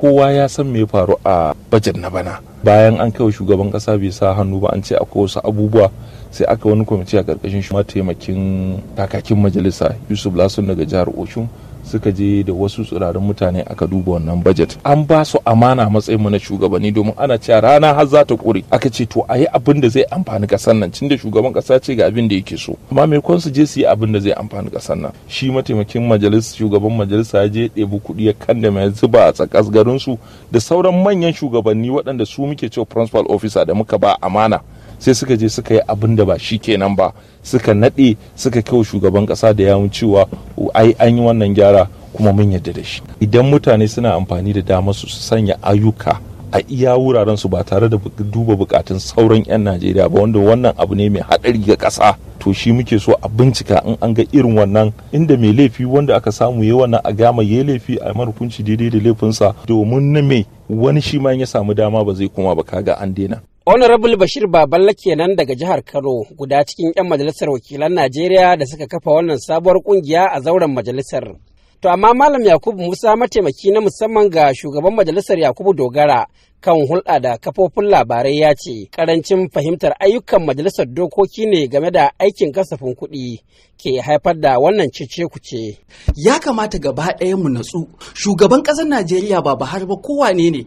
kowa ya san me faru a bajet na bana bayan an kai shugaban kasa bai sa hannu ba an ce akwai wasu abubuwa sai aka wani kwamiti a karkashin shi taimakin kakakin majalisa yusuf lasun daga jihar oshun suka je da wasu tsirarin mutane aka duba wannan budget an ba su amana matsayin mu na shugabanni domin ana cewa rana har za ta kure aka ce to a yi abin da zai amfani kasar nan tunda shugaban kasa ce ga abin da yake so amma me kon su je su yi abin da zai amfani kasar nan shi mataimakin majalis shugaban majalisa ya je ɗebi kuɗi ya kanda mai zuba a tsakas garin su da sauran manyan shugabanni waɗanda su muke cewa principal officer da muka ba amana sai suka je suka yi abin da ba shi kenan ba suka naɗe suka kai shugaban ƙasa da yawun cewa ai an yi wannan gyara kuma mun yadda da shi idan mutane suna amfani da dama su sanya ayyuka a iya wuraren su ba tare da duba bukatun sauran 'yan najeriya ba wanda wannan abu ne mai haɗari ga ƙasa to shi muke so a bincika in an ga irin wannan inda mai laifi wanda aka samu ya wannan a gama ya laifi a mara hukunci daidai da laifinsa domin na me wani shi ma ya samu dama ba zai kuma ba kaga an daina Honorable Bashir Baballa kenan daga jihar Kano guda cikin 'yan majalisar wakilan Najeriya da suka kafa wannan sabuwar kungiya a zauren majalisar. To amma Malam Yakubu Musa mataimaki na musamman ga shugaban majalisar Yakubu Dogara kan hulɗa da kafofin labarai ya ce karancin fahimtar ayyukan majalisar dokoki ne game da aikin kasafin kuɗi ke haifar da wannan cece kuce. Ya kamata gaba ɗaya mu natsu shugaban ƙasar Najeriya ba Buhari ba kowane ne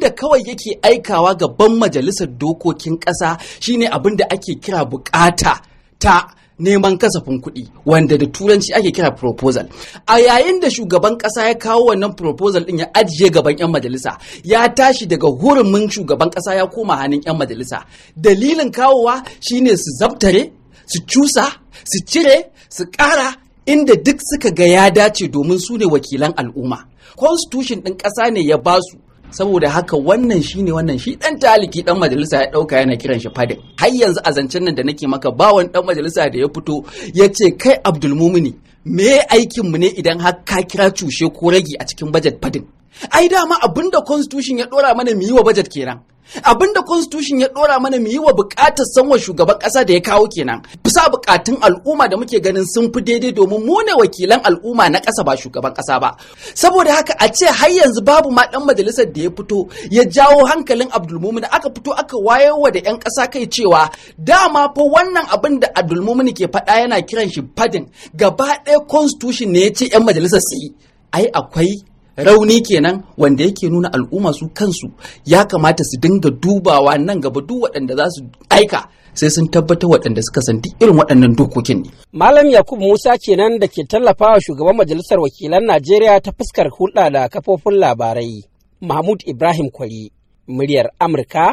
da kawai yake aikawa gaban majalisar dokokin ƙasa shine abin da ake kira bukata ta neman kasafin kuɗi wanda da turanci ake kira proposal a yayin da shugaban ƙasa ya kawo wannan proposal ɗin ya ajiye gaban 'yan majalisa ya tashi daga hurumin shugaban ƙasa ya koma hannun 'yan majalisa dalilin kawowa shine su zabtare su cusa su cire su ƙara inda duk suka ga ya dace domin su ne wakilan al'umma constitution ɗin ƙasa ne ya basu saboda haka wannan shine wannan shi dan taliki ɗan majalisa ya ɗauka yana kiran shi fadin har yanzu a zancen nan da nake maka bawan wani dan majalisa da ya fito ya ce kai abdul mumini me aikin mu ne idan har ka kira cushe ko ragi a cikin bajet fadin ai dama abinda constitution ya ɗora mana mu yi wa budget kenan abin da constitution ya dora mana mu yi wa bukatar sanwa shugaban kasa da ya kawo kenan bisa bukatun al'umma da muke ganin sun fi daidai domin mu ne wakilan al'umma na kasa ba shugaban kasa ba saboda haka a ce har yanzu babu ma dan majalisar da ya fito ya jawo hankalin abdulmumin aka fito aka wa da yan kasa kai cewa dama fa wannan abin da abdulmumin ke faɗa yana kiran shi fadin gaba ɗaya constitution ne ya ce yan majalisar su yi ai akwai rauni kenan wanda yake nuna al'umma su kansu ya kamata su dinga dubawa nan gaba duk waɗanda za su aika sai sun tabbatar waɗanda suka san duk irin waɗannan dokokin ne. Malam Yakubu Musa kenan da ke tallafawa shugaban majalisar wakilan Najeriya ta fuskar hulɗa da kafofin labarai. Mahmud Ibrahim Kwari, muryar Amurka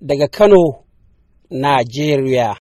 daga Kano, Najeriya.